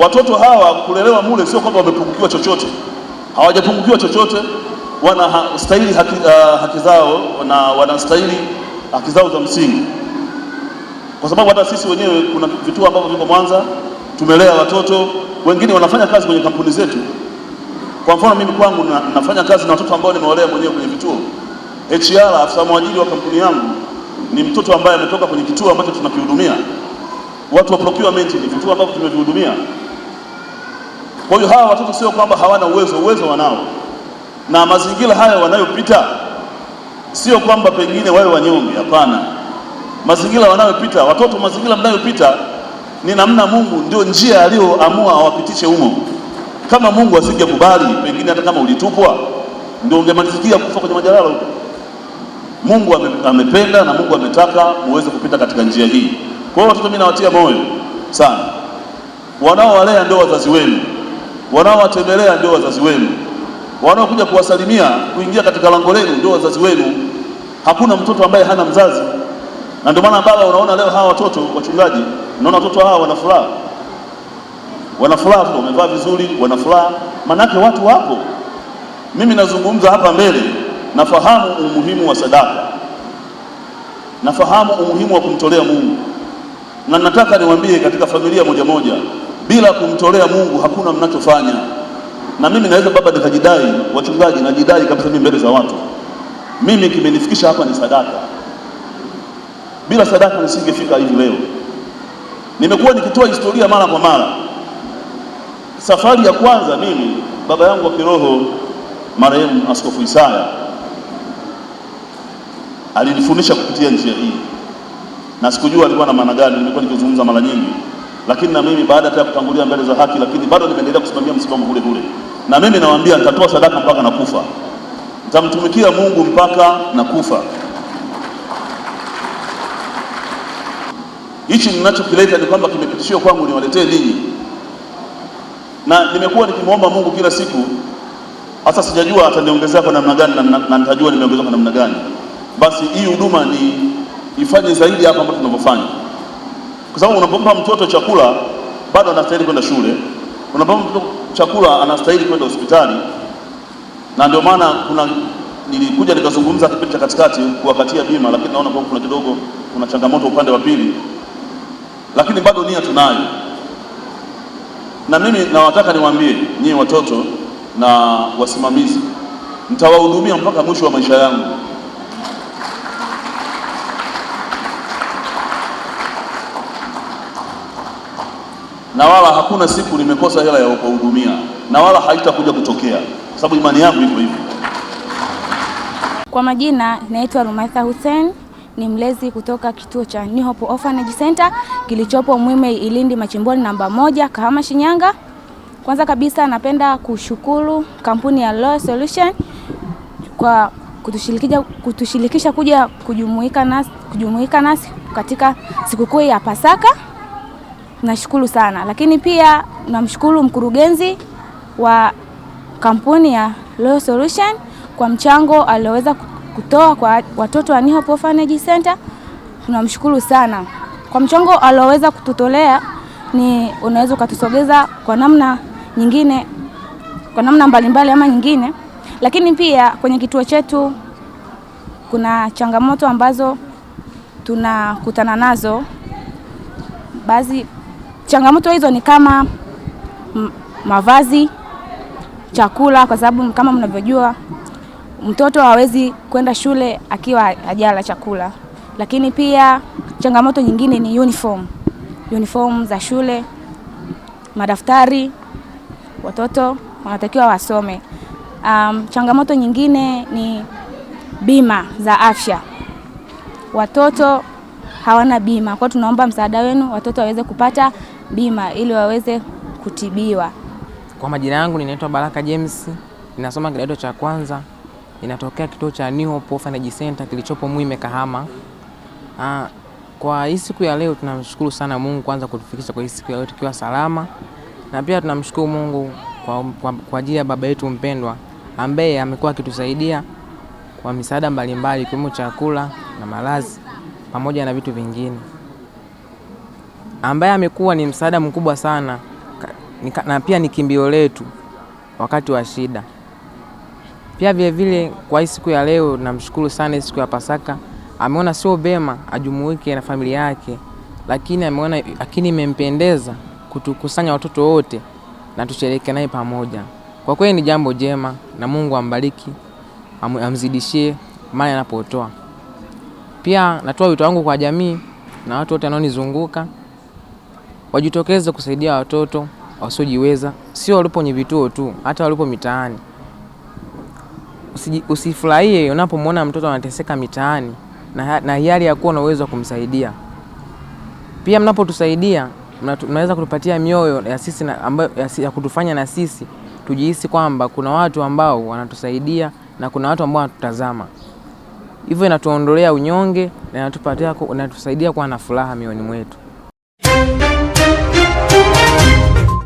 watoto hawa kulelewa mule sio kwamba wamepungukiwa chochote, hawajapungukiwa chochote, wanastahili haki, uh, haki zao na wanastahili haki zao za msingi, kwa sababu hata sisi wenyewe kuna vituo ambavyo viko Mwanza tumelea watoto wengine, wanafanya kazi kwenye kampuni zetu. Kwa mfano mimi kwangu na, nafanya kazi na watoto ambao nimewalea mwenyewe kwenye vituo. HR afisa mwajiri wa kampuni yangu ni mtoto ambaye ametoka kwenye kituo ambacho tunakihudumia. Watu wa procurement ni vituo ambavyo tumevihudumia. Kwa hiyo hawa watoto sio kwamba hawana uwezo, uwezo wanao, na mazingira haya wanayopita sio kwamba pengine wawe wanyonge. Hapana, mazingira wanayopita watoto, mazingira mnayopita ni namna Mungu, ndio njia aliyoamua awapitishe humo. Kama Mungu asingekubali, pengine hata kama ulitupwa, ndio ungemalizikia kufa kwenye majalala huko. Mungu amependa na Mungu ametaka muweze kupita katika njia hii. Kwa hiyo watoto, mimi nawatia moyo sana, wanaowalea ndio wazazi wenu wanaowatembelea ndio wazazi wenu, wanaokuja kuwasalimia, kuingia katika lango lenu ndio wazazi wenu. Hakuna mtoto ambaye hana mzazi, na ndio maana baba, unaona leo hawa watoto wachungaji, unaona watoto hawa wana furaha, wana furaha, wamevaa vizuri, wana furaha, manake watu wapo. Mimi nazungumza hapa mbele, nafahamu umuhimu wa sadaka, nafahamu umuhimu wa kumtolea Mungu, na nataka niwaambie katika familia moja moja bila kumtolea Mungu hakuna mnachofanya. Na mimi naweza baba, nikajidai wachungaji, najidai kabisa mimi mbele za watu, mimi kimenifikisha hapa ni sadaka. Bila sadaka nisingefika hivi leo. Nimekuwa nikitoa historia mara kwa mara. Safari ya kwanza mimi, baba yangu wa kiroho marehemu Askofu Isaya alinifundisha kupitia njia hii, na sikujua alikuwa na maana gani. Nilikuwa nikizungumza mara nyingi lakini na mimi baada ya kutangulia mbele za haki, lakini bado nimeendelea kusimamia msimamo ule ule. Na mimi nawaambia nitatoa sadaka mpaka nakufa, nitamtumikia Mungu mpaka nakufa. Hichi ninachokileta ni kwamba kimepitishiwa kwangu niwaletee ninyi, na nimekuwa nikimwomba Mungu kila siku. Sasa sijajua ataniongezea kwa namna gani, na nitajua nimeongezea kwa namna gani. Basi hii huduma ni ifanye zaidi hapa ambapo tunavyofanya kwa sababu unapompa mtoto chakula bado anastahili kwenda shule, unapompa mtoto chakula anastahili kwenda hospitali. Na ndio maana kuna nilikuja nikazungumza kipindi cha katikati kuwakatia bima, lakini naona kuna kidogo kuna changamoto upande wa pili, lakini bado nia tunayo, na mimi nawataka niwaambie nyinyi watoto na wasimamizi, mtawahudumia mpaka mwisho wa maisha yangu. na wala hakuna siku nimekosa hela ya kuhudumia na wala haitakuja kutokea, kwa sababu imani yangu iko hivyo. Kwa majina naitwa Rumatha Hussein, ni mlezi kutoka kituo cha New Hope Orphanage Center kilichopo Mwime Ilindi Machimboni namba moja, Kahama Shinyanga. Kwanza kabisa napenda kushukuru kampuni ya Law Solution kwa kutushirikisha, kutushirikisha kuja kujumuika nasi, kujumuika nasi katika sikukuu ya Pasaka nashukuru sana, lakini pia namshukuru mkurugenzi wa kampuni ya Royal Solution kwa mchango alioweza kutoa kwa watoto wa Nihope Orphanage Center. Tunamshukuru sana kwa mchango alioweza kututolea, ni unaweza ukatusogeza kwa namna nyingine, kwa namna mbalimbali ama nyingine. Lakini pia kwenye kituo chetu kuna changamoto ambazo tunakutana nazo baadhi Changamoto hizo ni kama mavazi, chakula, kwa sababu kama mnavyojua mtoto hawezi kwenda shule akiwa hajala chakula. Lakini pia changamoto nyingine ni uniform, uniform za shule, madaftari, watoto wanatakiwa wasome. Um, changamoto nyingine ni bima za afya, watoto hawana bima. Kwa hiyo tunaomba msaada wenu watoto waweze kupata bima ili waweze kutibiwa. Kwa majina yangu ninaitwa Baraka James, ninasoma kidato cha kwanza, ninatokea kituo cha New Hope Orphanage Center kilichopo Mwime, Kahama. Aa, ah, kwa hii siku ya leo tunamshukuru sana Mungu kwanza kutufikisha kwa hii siku ya leo tukiwa salama, na pia tunamshukuru Mungu kwa, kwa, kwa ajili ya baba yetu mpendwa ambaye amekuwa akitusaidia kwa misaada mbalimbali ikiwemo chakula na malazi pamoja na vitu vingine ambaye amekuwa ni msaada mkubwa sana na pia ni kimbio letu wakati wa shida. Pia vilevile kwa hii siku ya leo namshukuru sana, siku ya Pasaka ameona sio bema ajumuike na familia yake, lakini ameona, lakini imempendeza kutukusanya watoto wote na tusherehekee naye pamoja. Kwa kweli ni jambo jema, na Mungu ambariki, am, amzidishie mali anapotoa. Pia natoa wito wangu kwa jamii na watu wote wanaonizunguka wajitokeze kusaidia watoto wasiojiweza, sio walipo kwenye vituo tu, hata walipo mitaani. Usifurahie unapomwona mtoto anateseka mitaani na, na hiari ya kuwa na uwezo wa kumsaidia. Pia mnapotusaidia mnaweza kutupatia mioyo ya sisi na, ambayo, ya kutufanya na sisi tujihisi kwamba kuna watu ambao wanatusaidia na kuna watu ambao wanatutazama. Hivyo inatuondolea unyonge na inatusaidia kuwa na furaha mioyoni mwetu.